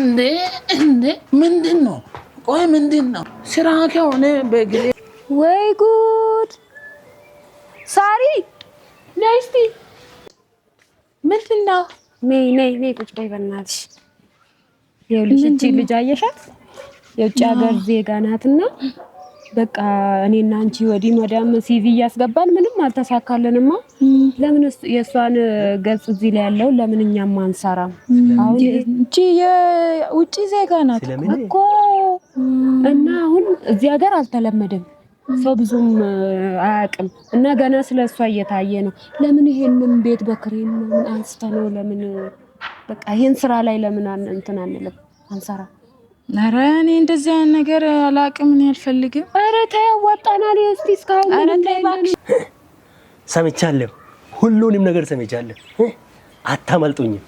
እንዴ እንዴ! ምንድን ነው? ቆይ ምንድን ነው ስራ ከሆነ በግሌ ወይ ጉድ! ሳሪ ነይ እስኪ። ምንድን ነው? ነይ ነይ ነይ፣ ቁጭ በይ በእናትሽ። ይኸውልሽ፣ እቺ ልጅ አየሻት? የውጭ ሀገር ዜጋ ናትና በቃ እኔና አንቺ ወዲህ መዳም ሲቪ እያስገባን ምንም አልተሳካልንማ። ለምን የእሷን ገጽ እዚህ ላይ ያለው ለምን እኛም አንሰራም? አሁን የውጭ ዜጋ ናት እኮ እና አሁን እዚህ ሀገር አልተለመደም፣ ሰው ብዙም አያውቅም። እና ገና ስለ እሷ እየታየ ነው። ለምን ይሄንን ቤት በክሬን አንስተ ነው ለምን በቃ ይሄን ስራ ላይ ለምን እንትን አንልም አንሰራም? ኧረ እኔ እንደዚህ አይነት ነገር አላቅም፣ እኔ አልፈልግም። ኧረ ተይ ያዋጣናል። እስቲ እስካሁን ሰምቻለሁ፣ ሁሉንም ነገር ሰምቻለሁ። አታመልጡኝም።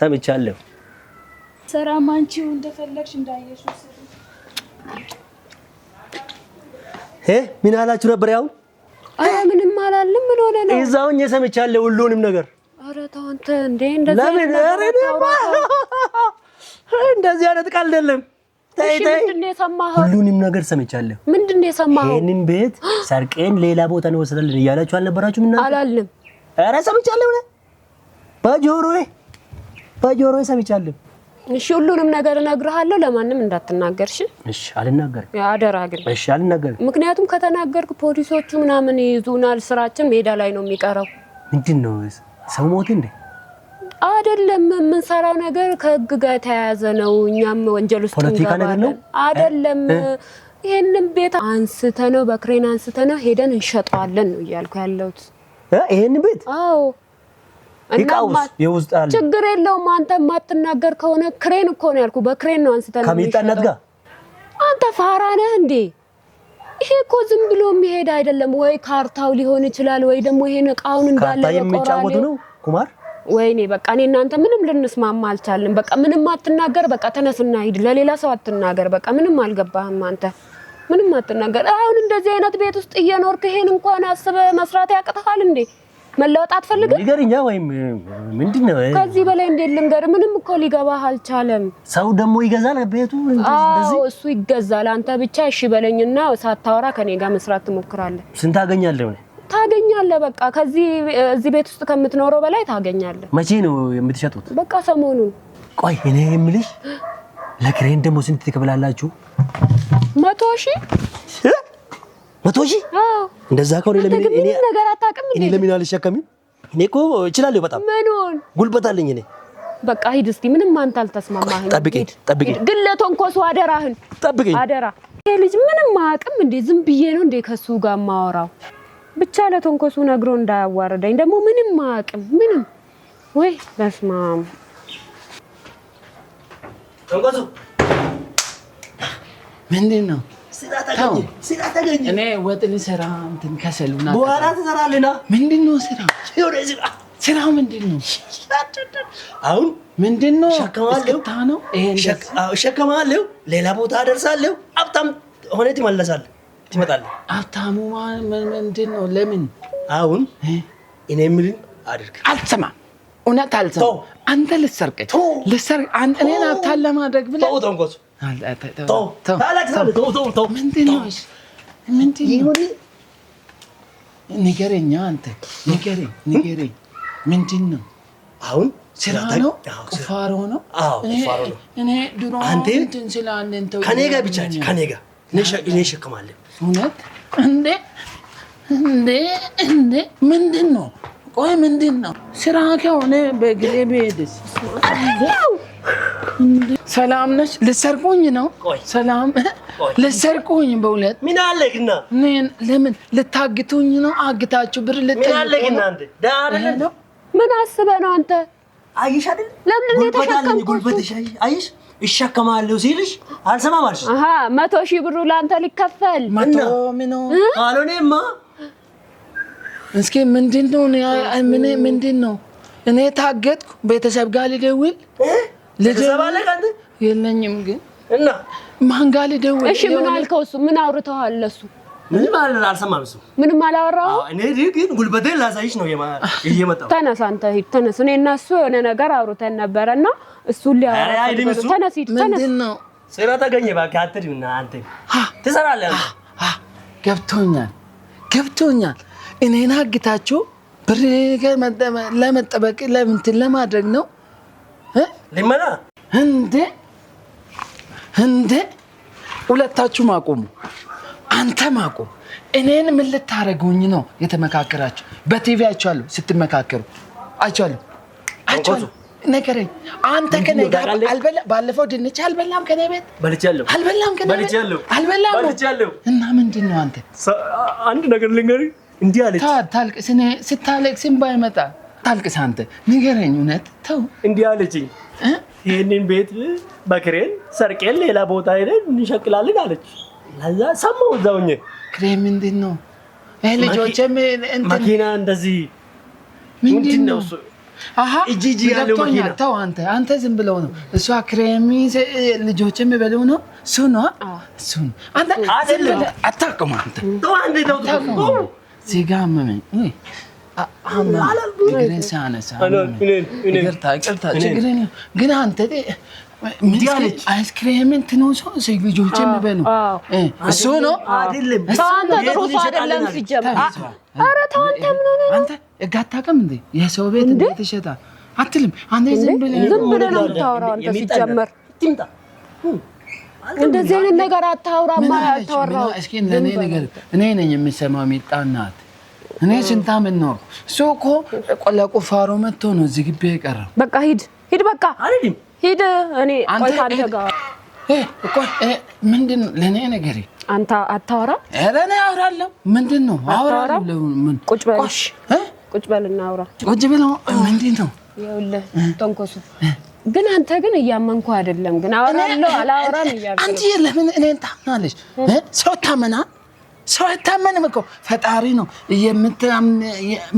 ሰምቻለሁ። ስራም ማንቺው እንደፈለግሽ እንዳየሽ። ስሪ። ምን አላችሁ ነበር? ያው ኧረ ምንም አላልም። ምን ሆነ ነው? እዛውኝ ሰምቻለሁ ሁሉንም ነገር። ኧረ ተው አንተ እንደ እንደዛ እንደዚህ አይነት ቃል አይደለም። ሁሉንም ነገር ሰምቻለሁ። ምንድን ነው የሰማኸው? ይህንን ቤት ሰርቄን ሌላ ቦታ ነው እንወስዳለን እያላችሁ አልነበራችሁም? እና አላልንም። ኧረ ሰምቻለሁ፣ በጆሮዬ በጆሮዬ ሰምቻለሁ። እሺ ሁሉንም ነገር እነግርሃለሁ። ለማንም እንዳትናገር እሺ? እሺ አልናገርም። አደራ ግን እሺ አልናገርም። ምክንያቱም ከተናገርክ ፖሊሶቹ ምናምን ይይዙናል፣ ስራችን ሜዳ ላይ ነው የሚቀረው። ምንድን ነው ሰው ሞት እንዴ? አይደለም የምንሰራው ነገር ከህግ ጋር የተያያዘ ነው። እኛም ወንጀል ውስጥ ፖለቲካ ነገር ነው አይደለም ይህንም ቤት አንስተ ነው በክሬን አንስተ ነው ሄደን እንሸጠዋለን ነው እያልኩ ያለሁት ይህን ቤት። አዎ ችግር የለውም አንተ የማትናገር ከሆነ ክሬን እኮ ነው ያልኩ። በክሬን ነው አንስተ ነው ከሚጠነት ጋር አንተ ፋራ ነህ እንዴ? ይሄ እኮ ዝም ብሎ የሚሄድ አይደለም። ወይ ካርታው ሊሆን ይችላል ወይ ደግሞ ይሄን እቃውን እንዳለ የሚጫወቱ ነው ኩማር ወይኔ በቃ እኔ እናንተ ምንም ልንስማማ አልቻልንም። በቃ ምንም አትናገር፣ በቃ ተነስና ሂድ፣ ለሌላ ሰው አትናገር። በቃ ምንም አልገባህም አንተ ምንም አትናገር። አሁን እንደዚህ አይነት ቤት ውስጥ እየኖርክ ይሄን እንኳን አስበ መስራት ያቅትሃል እንዴ? መለወጥ አትፈልግም? ንገርኛ፣ ወይም ምንድን ነው ከዚህ በላይ እንዴት ልንገር? ምንም እኮ ሊገባህ አልቻለም። ሰው ደግሞ ይገዛል ቤቱ። አዎ እሱ ይገዛል። አንተ ብቻ እሺ በለኝና ሳታወራ ከኔ ጋር መስራት ትሞክራለህ። ስንት ታገኛለህ። በቃ ከዚህ እዚህ ቤት ውስጥ ከምትኖረው በላይ ታገኛለህ። መቼ ነው የምትሸጡት? በቃ ሰሞኑን። ቆይ እኔ የምልሽ ለክሬን ደግሞ ስንት ትከፍላላችሁ? መቶ ሺህ መቶ ሺህ እንደዛ ከሆነ ለምን ነገር አታውቅም። እኔ ለምን አልሸከምም? እኔ እኮ እችላለሁ በጣም ምኑን ጉልበት አለኝ እኔ በቃ ሂድ እስቲ። ምንም አንተ አልተስማማህም። ጠብቂኝ ጠብቂኝ፣ ግን ለተንኮሱ አደራህን ጠብቂኝ፣ አደራ። ይሄ ልጅ ምንም አያውቅም እንዴ! ዝም ብዬ ነው እንዴ ከሱ ጋር ማወራው? ብቻ ለተንኮሱ ነግሮ እንዳያዋርደኝ ደግሞ ምንም አያውቅም። ምንም ወይ በስመ አብ ተንኮሱ ምንድን ነው? እኔ ወጥ ልሰራ እንትን ከሰል ምናምን በኋላ ትሰራለህ። ምንድን ነው ስራ ስራ ምንድን ነው አሁን? ምንድን ነው ሸከማለሁ፣ ሌላ ቦታ አደርሳለሁ፣ ሀብታም ሆነ ትመለሳለህ ትመጣለህ። አብታሙ ምንድን ነው? ለምን አሁን እኔ የምልን አድርግ። አልሰማም፣ እውነት አልሰማም። አንተ ልሰርቀኝ ልሰርቅ እኔን ሀብታም ለማድረግ ብለህ ንገረኝ። አንተ ንገረኝ፣ ንገረኝ ምንድን ነው አሁን ስራ ነው? ቁፋሮ ነው? እኔ ድሮ ከኔ ጋር ብቻ ከኔ ጋር እኔ እሸክማለሁ። እውነት እንዴ? እንዴ? እንዴ? ምንድን ነው? ቆይ ምንድን ነው ስራ ከሆነ በግሌ ብሄድስ? ሰላም ነች። ልሰርቁኝ ነው? ሰላም ልሰርቁኝ? በሁለት ምን አለግና? ለምን ልታግቱኝ ነው? አግታችሁ ብር ምን አስበህ ነው አንተ? አየሽ አይደል? ለምን ጉልበት ይሸከማለሁ ሲልሽ አልሰማም አልሽ። አሃ መቶ ሺህ ብሩ ለአንተ ሊከፈል መቶ ምኑ ካልሆነማ እስኪ ምንድን ነው ምን ምንድን ነው? እኔ ታገጥኩ። ቤተሰብ ጋር ልደውል ልደውል የለኝም ግን እና ማን ጋር ልደውል? እሺ ምን አልከው? እሱ ምን አውርተዋል ለሱ ምንም አልሰማም። እሱ ምንም አላወራሁም። እኔ ግን ጉልበቴን ላሳይሽ ነው እየመጣሁ። ተነስ አንተ ሂድ፣ ተነስ። እኔ እና እሱ የሆነ ነገር አውርተን ነበረ እና እሱ ሊያወራ ተነስ፣ ሂድ፣ ተነስ። ስራ ተገኘ እባክህ አትሂድና አንተ ትሰራለህ። ገብቶኛል፣ ገብቶኛል። እኔን አግታችሁ ብር ለመጠበቅ ለምንትን ለማድረግ ነው ልመና። እንደ እንደ ሁለታችሁም አቁሙ አንተ ማቆ እኔን ምን ልታረጉኝ ነው የተመካከራችሁ? በቲቪ አይቼዋለሁ ስትመካከሩ አይቼዋለሁ። አንተ ነገረኝ። አንተ ከኔ ጋር አልበላም። ባለፈው ድንች አልበላም ከኔ ቤት በልቻለሁ። አልበላም ከኔ ቤት አልበላም በልቻለሁ። እና ምንድን ነው አንተ? አንድ ነገር ልንገርህ። እንዲህ አለች። ታልቅስ እኔ ስታለቅስ እምባ ይመጣል። ታልቅስ አንተ ንገረኝ። እውነት ተው። እንዲህ አለችኝ ይህንን ቤት በክሬን ሰርቄን ሌላ ቦታ ሄደን እንሸቅላለን አለች ለዛ ሰማሁ እዛው እኔ ክሬም ምንድን ነው ይሄ ልጆቼም መኪና እንደዚህ ምንድን ነው አሀ እጂጂ ያለው መኪና ተው አንተ አንተ ዝም ብለው ነው እሷ ክሬሚ ልጆች የሚበለው ነው እሱ ነው እሱ አንተ አይደለም አታውቅም አንተ ተው አንዴ ተው ተው ዜጋ አመመኝ እግሬን ሳነሳ ግን አንተ አይስክሬምን ትንሆን ሰው ልጆች የሚበሉ እሱ ነው። አንተ ህግ አታውቅም እንዴ? የሰው ቤት እንዴት ይሸጣል አትልም። አንተ ዝም ብለህ ነው የምታወራው። አንተ ሲጀመር እንደዚህ አይነት ነገር አታውራ። አታወራው። እስኪ እኔ ነገር እኔ ነኝ የሚሰማው ሚጣናት እኔ ስንት ዓመት ነው እሱ እኮ ለቁፋሮ መጥቶ ነው እዚህ ግቢ የቀረው። በቃ ሂድ ሂድ፣ በቃ ሂድ። እኔ ቆይ ካንተ ጋር ቆይ። ምንድን ለእኔ ነገር አንተ አታወራ? ኧረ እኔ አውራለሁ። ምንድን ነው አውራ። ምን ቁጭ በል ቁጭ በል እና አውራ። ቁጭ በል ምንድን ነው ይኸውልህ፣ ተንኮሱ ግን አንተ ግን እያመንኩ አይደለም። ግን አወራለሁ አላወራም እያልኩ አንቺ ለምን እኔን ታምናለች? ሰው ታመናል ሰው አይታመንም እኮ ፈጣሪ ነው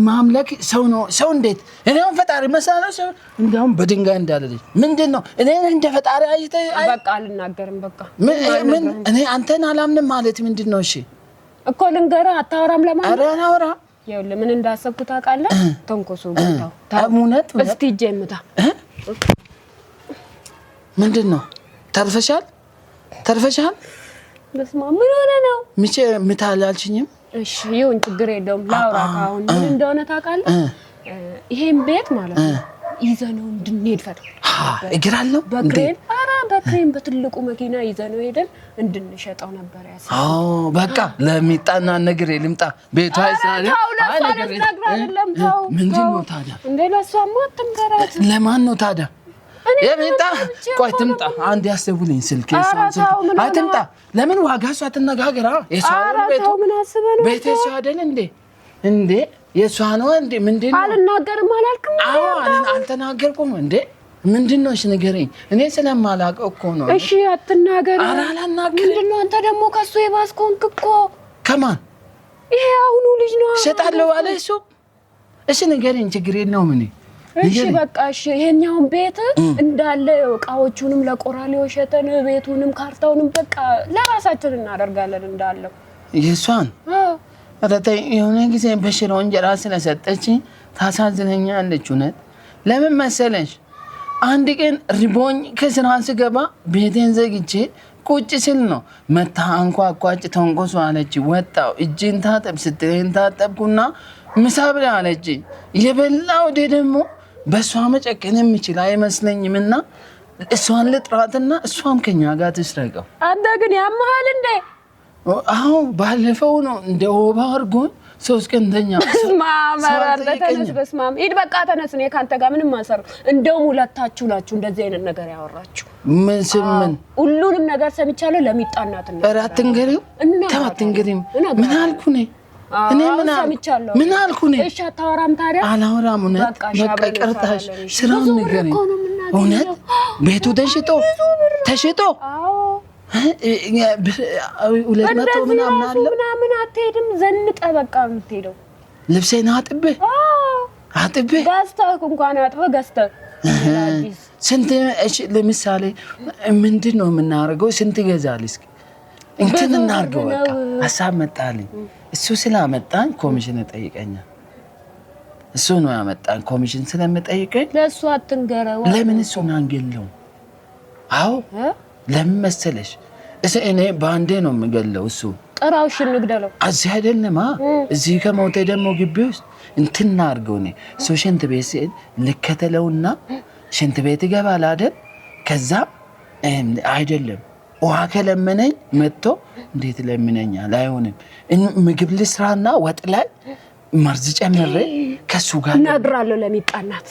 ማምለክ ሰው ነው። ሰው እንዴት እኔም ፈጣሪ መሳለው ሰው እንዲሁም በድንጋይ እንዳለልኝ ምንድን ነው እኔ እንደ ፈጣሪ አይተህ በቃ አልናገርም። በቃ ምን እኔ አንተን አላምንም ማለት ምንድን ነው? እሺ እኮ ልንገርህ፣ አታወራም ለማለት ኧረ አናወራ ይኸውልህ፣ ምን እንዳሰብኩ ታውቃለህ? ተንኮሱ ታው ታሙነት እስቲ ጀምታ ምንድን ነው ተርፈሻል? ተርፈሻል በስማ ምን ሆነ ነው ምቼ ምታል እሺ ይሁን ችግር የለውም። ላውራ ካሁን ምን እንደሆነ ታውቃለህ? ይሄን ቤት ማለት ነው ይዘነው እንድንሄድ እግር አለው በክሬን ኧረ በክሬን በትልቁ መኪና ይዘነው ሄደን እንድንሸጠው ነበር በቃ ለሚጣና ነገር ልምጣ ምንድን ነው ታዲያ እንዴ? ለእሷማ አትንገራት። ለማን ነው ታዲያ የምንጣ ቆይ ትምጣ። አንድ ያሰቡልኝ ስልክ አትምጣ። ለምን ዋጋ እሷ ትነጋገራ ቤቴ እሷ አይደል እንዴ? እንዴ የእሷ ነው እንዴ? ምንድን ነው አልናገርም አላልክም? አልተናገርኩም እንዴ? ምንድን ነው? እሺ ንገረኝ። እኔ ስለማላውቅ እኮ ነው። እሺ አትናገር። ኧረ ምንድን ነው አንተ ደግሞ ከእሱ የባስክ እኮ። ከማን ይሄ አሁኑ ልጅ ነው? እሸጣለሁ አለ እሱ። እሺ ንገረኝ፣ ችግር የለውም እኔ እሺ በቃ እሺ፣ ይሄኛውን ቤት እንዳለ እቃዎቹንም ለቆራሌ ወሸተን ቤቱንም ካርታውንም በቃ ለራሳችን እናደርጋለን እንዳለው። የእሷን ኧረ የሆነ ጊዜ በሽሮ እንጀራ ስለሰጠች ታሳዝነኛለች። እውነት ለምን መሰለሽ፣ አንድ ቀን ሪቦኝ ከስራ ስገባ ቤቴን ዘግቼ ቁጭ ስል ነው መታ አንኳ አኳጭ ተንኮሱ አለች። ወጣው እጅን ታጠብ ስትለኝ ታጠብኩና ምሳብላ አለች። የበላው ደ ደግሞ በእሷ መጨቀን የምችል አይመስለኝም እና እሷን ልጥራትና እሷም ከኛ ጋር ትስረቀው። አንተ ግን ያመሃል እንዴ? አዎ ባለፈው ነው እንደ ወባ አድርጎን ሶስት ቀን ተኛ። ማመራለተነስ በስማም ሂድ፣ በቃ ተነስ። እኔ ከአንተ ጋር ምንም አልሰራም። እንደውም ሁለታችሁ ናችሁ እንደዚህ አይነት ነገር ያወራችሁ። ምን ስም ምን ሁሉንም ነገር ሰምቻለሁ። ለሚጣናት ኧረ አትንገሪው፣ ተው አትንገሪም። ምን አልኩ እኔ እኔ ምን ምን አልኩ? እኔ እሺ፣ አታወራም ታዲያ? አላወራም። እውነት በቃ ይቅርታሽ። ስራውን ንገሪኝ። እውነት ቤቱ ተሽጦ ተሽጦ ሁለት መቶ ምናምን አለ ምናምን። አትሄድም ዘንጠ በቃ የምትሄደው ልብሴን አጥቤ አጥቤ ገዝተህ እንኳን አጥበህ ገዝተህ ስንት እሺ፣ ለምሳሌ ምንድን ነው የምናደርገው? ስንት ገዛል? እስኪ እንትን እናድርገው። በቃ ሀሳብ መጣልኝ። እሱ ስላመጣን ኮሚሽን ይጠይቀኛል። እሱ ነው ያመጣን። ኮሚሽን ስለምጠይቀኝ ለእሱ አትንገረው። ለምን እሱን አንገለው? አዎ ለምን መሰለሽ? እኔ በአንዴ ነው የምገለው። እሱ ጥራው፣ እሺ እንግደለው። እዚህ እዚህ ከሞተ ደግሞ ግቢ ውስጥ እንትና አድርገው። እኔ እሱ ሽንት ቤት ሲሄድ ልከተለውና ሽንት ቤት ይገባል አይደል? ከዛ አይደለም ውሃ ከለመነኝ መጥቶ እንዴት ለምነኛል? አይሆንም። ምግብ ልስራና ወጥ ላይ መርዝ ጨምሬ ከሱ ጋር ነግራለሁ። ለሚቃናት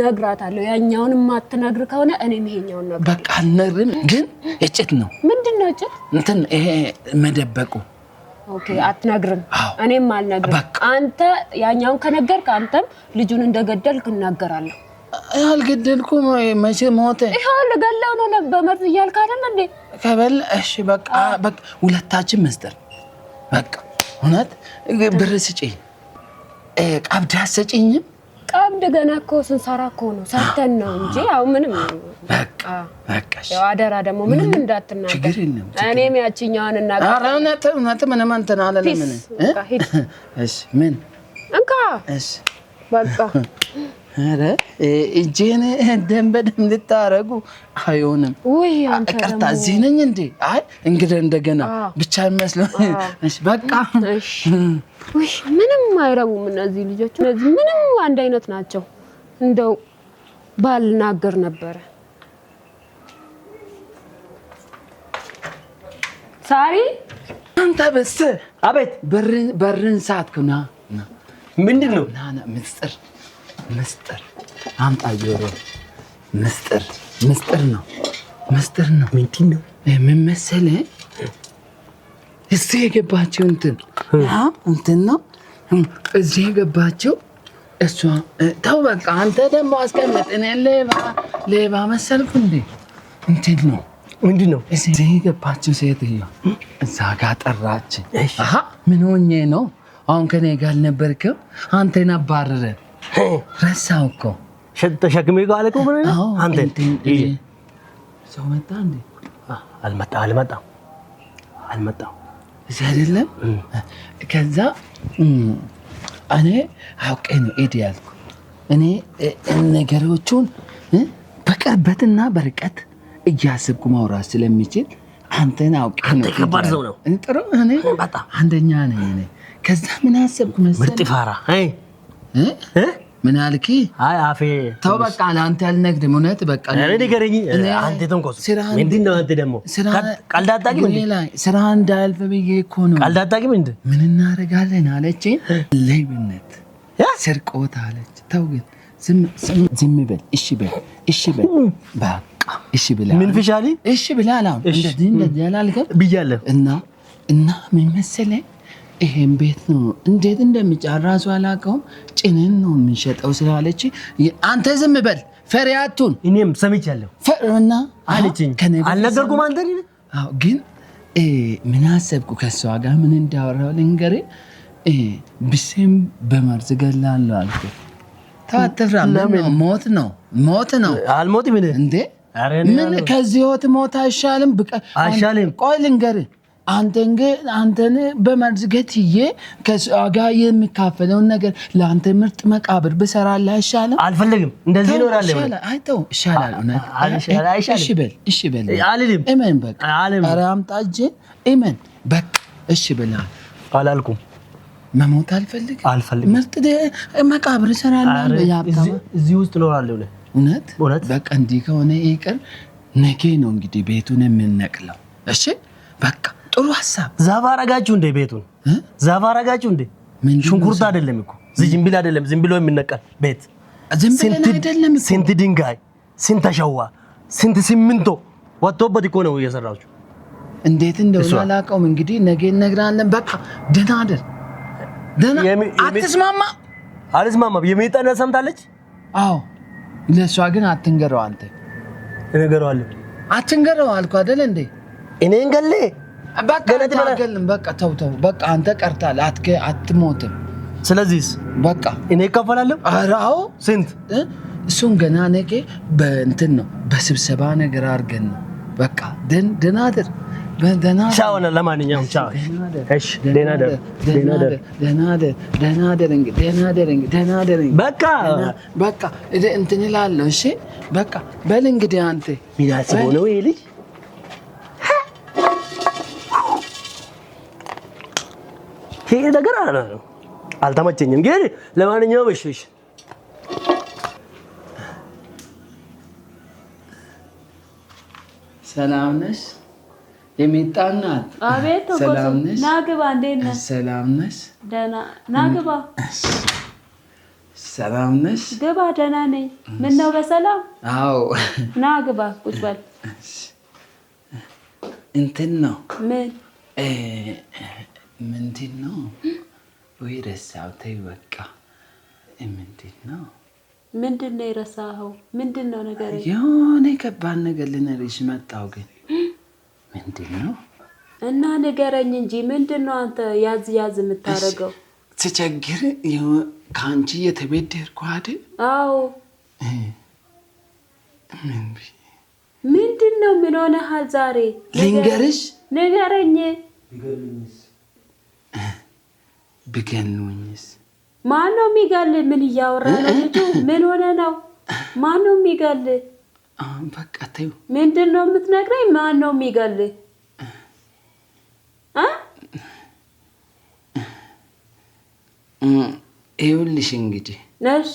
ነግራታለሁ። ያኛውን የማትነግር ከሆነ እኔም ይሄኛውን ነግር። በቃ አልነግርም። ግን እጭት ነው። ምንድን ነው እጭት? እንትን ይሄ መደበቁ አትነግርም፣ እኔም አልነግርም። አንተ ያኛውን ከነገርክ አንተም ልጁን እንደገደልክ እናገራለሁ። አልገደልኩም። መቼ ሞተ? ይኸውልህ ገላው ነው በመርዝ እያልክ አይደል እንዴ? ከበል እሺ፣ በቃ በቃ ሁለታችን መስጠር በቃ። እውነት ብር ስጭኝ፣ ቀብድ አትሰጭኝም? ቀብድ ገና እኮ ስንሰራ እኮ ነው ሰርተን ነው እንጂ ያው ምንም በቃ በቃ። ያው አደራ ደግሞ ምንም እንዳትናገር፣ ችግር የለም። እኔም ያችኛዋን እና ኧረ እውነት እውነት ምንም እንትን አለ ለምን? እሺ ምን እንካ እሺ በቃ ኧረ እጄን ደም በደም ልታረጉ አይሆንም። ቀርታ እዚህ ነኝ እንዴ? አይ እንግዲህ እንደገና ብቻ በቃ ምንም አይረቡም እነዚህ ልጆች፣ እነዚህ ምንም አንድ አይነት ናቸው። እንደው ባልናገር ነበረ። ሳሪ አንተ በስ አቤት፣ በርን ምንድን ነው ምስጢር አምጣ ጆሮ ምስጢር ምስጢር ነው ምስጢር ነው። ምንድን ነው ምን መሰለህ? እዚህ የገባቸው እንትን እንትን ነው እዚህ የገባቸው እሷ ተው በቃ አንተ ደግሞ አስቀምጥ። እኔ ሌባ ሌባ መሰልኩ እንዴ? እንትን ነው ምንድን ነው እዚህ የገባቸው ሴትዮ እዛ ጋር ጠራች። ምን ሆኜ ነው አሁን ከኔ ጋር አልነበርክም? አንተን አባረረን ረሳው እኮ ተሸክሜ ቃለ እኮ ምን ነው አንተ ሰው መጣ እንዴ? አልመጣ አልመጣ አልመጣ እዚህ አይደለም። ከዛ እኔ አውቄ ነው ኤድ ያልኩ። እኔ ነገሮቹን በቅርበትና በርቀት እያስብኩ ማውራት ስለሚችል አንተን አውቄ ነው። ከባድ ሰው ነው። ጥሩ እኔ አንደኛ ነኝ። ከዛ ምን አሰብኩ መሰለህ? ምርጥ ፋራ ምን ያልኪ? አይ አፌ ተው በቃ፣ ለአንተ ያልነግድም። እውነት በቃ ስራ እንዳያልፍ ብዬ እኮ ነው። ቀልድ አታውቂም እንዴ? ምን እናደርጋለን አለችኝ። ሌብነት፣ ስርቆት አለች። ተው ግን ዝም በል፣ እሺ በል፣ እሺ በል በቃ እሺ ብላ ምን ፍሻሊ፣ እሺ ብላ አላ እንደዚህ እንደዚህ አላልከም ብያለሁ እና እና ምን መሰለህ ይሄን ቤት ነው እንዴት እንደሚጫራ ራሱ አላውቀውም። ጭንን ነው የምንሸጠው ስላለች አንተ ዝም በል ፈሪያቱን። እኔም ሰምቻለሁ ፈርና አለችኝ። አልነገርኩም አንተ ግን ምን አሰብኩ ከሷ ጋር ምን እንዳወራው ልንገሬ ብሴም በመርዝ ገላለሁ አልኩ። ታትፍራ ሞት ነው ሞት ነው አልሞት ምን እንዴ ምን ከዚህ ህይወት ሞት አይሻልም? አይሻልም። ቆይ ልንገርህ አንተን አንተን በመርዝገት ዬ ከሰዋ የሚካፈለውን ነገር ለአንተ ምርጥ መቃብር ብሰራላ አይሻልም? አልፈለግም። እንደዚህ ይኖራል። አይተው ይሻላል። እሺ በል እሺ በል አልልም። አላልኩም። መሞት አልፈልግም አልፈልግም። ምርጥ መቃብር እሰራለሁ። እዚህ ውስጥ እኖራለሁ። እውነት እውነት። በቃ እንዲህ ከሆነ ይቅር። ነገ ነው እንግዲህ ቤቱን የምንነቅለው። እሺ በቃ ጥሩ ሀሳብ። ዛፍ አረጋችሁ እንዴ? ቤቱን ዛፍ አረጋችሁ እንዴ? ሽንኩርት አይደለም እኮ ዝንብል አይደለም፣ ዝም ብሎ የሚነቀል ቤት ስንት ድንጋይ ስንት አሸዋ ስንት ሲሚንቶ ወጥቶበት እኮ ነው እየሰራችሁ። እንዴት እንደሆነ አላውቀውም። እንግዲህ ነገ እነግራለን። በቃ ደህና አይደል? ደህና አትስማማ አልስማማ የሚጠነ ሰምታለች። አዎ ለእሷ ግን አትንገረው። አንተ እነገረዋለሁ። አትንገረው አልኩ አይደል እንዴ እኔ እንገሌ በቃ በቃ ተው ተው በቃ አንተ ቀርታል፣ አትሞትም። ስለዚህ በቃ እኔ እካፈላለሁ። ኧረ አዎ፣ ስንት እሱን ገና ነገ በእንትን ነው በስብሰባ ነገር አድርገን ነው። በቃ ደህና አድር ለማንኛውም ሻው እሺ፣ ደህና ደር ደህና ደር ደህና ደር ደህና ደር በቃ በቃ እንትን እላለሁ። እሺ በቃ በል እንግዲህ አንተ ሚዳስ ነው ይሄ ልጅ ይሄ ነገር አለ አልተመቸኝም፣ ግን ለማንኛውም እሺ፣ እሺ ሰላም ነሽ? የሚጣ ናት። አቤት። ሰላም ነሽ? ናግባ። እንዴት ነሽ? ሰላም ነሽ? ደህና ናግባ። ሰላም ነሽ? ግባ። ደህና ነኝ። ምን ነው በሰላም? አዎ። ናግባ። ቁጭ በል። እንትን ነው ምን ምንድን ነው? ወይ ረሳው? ተይ በቃ። ምንድን ነው? ምንድን ነው የረሳኸው? ምንድን ነው ነገር? የሆነ ከባድ ነገር ልነግርሽ መጣሁ፣ ግን ምንድን ነው እና ንገረኝ እንጂ ምንድን ነው አንተ ያዝ ያዝ የምታደርገው? ስቸግር ከአንቺ እየተበደርኩ አይደል? አዎ። ምንድን ነው? ምን ሆነሃል ዛሬ? ልንገርሽ? ንገረኝ ብገሉኝስ? ማን ነው የሚገል? ምን እያወራ ነው ልጁ? ምን ሆነ ነው? ማን ነው የሚገል? በቃ ተዩ። ምንድን ነው የምትነግረኝ? ማን ነው የሚገል? ይኸውልሽ እንግዲህ እሺ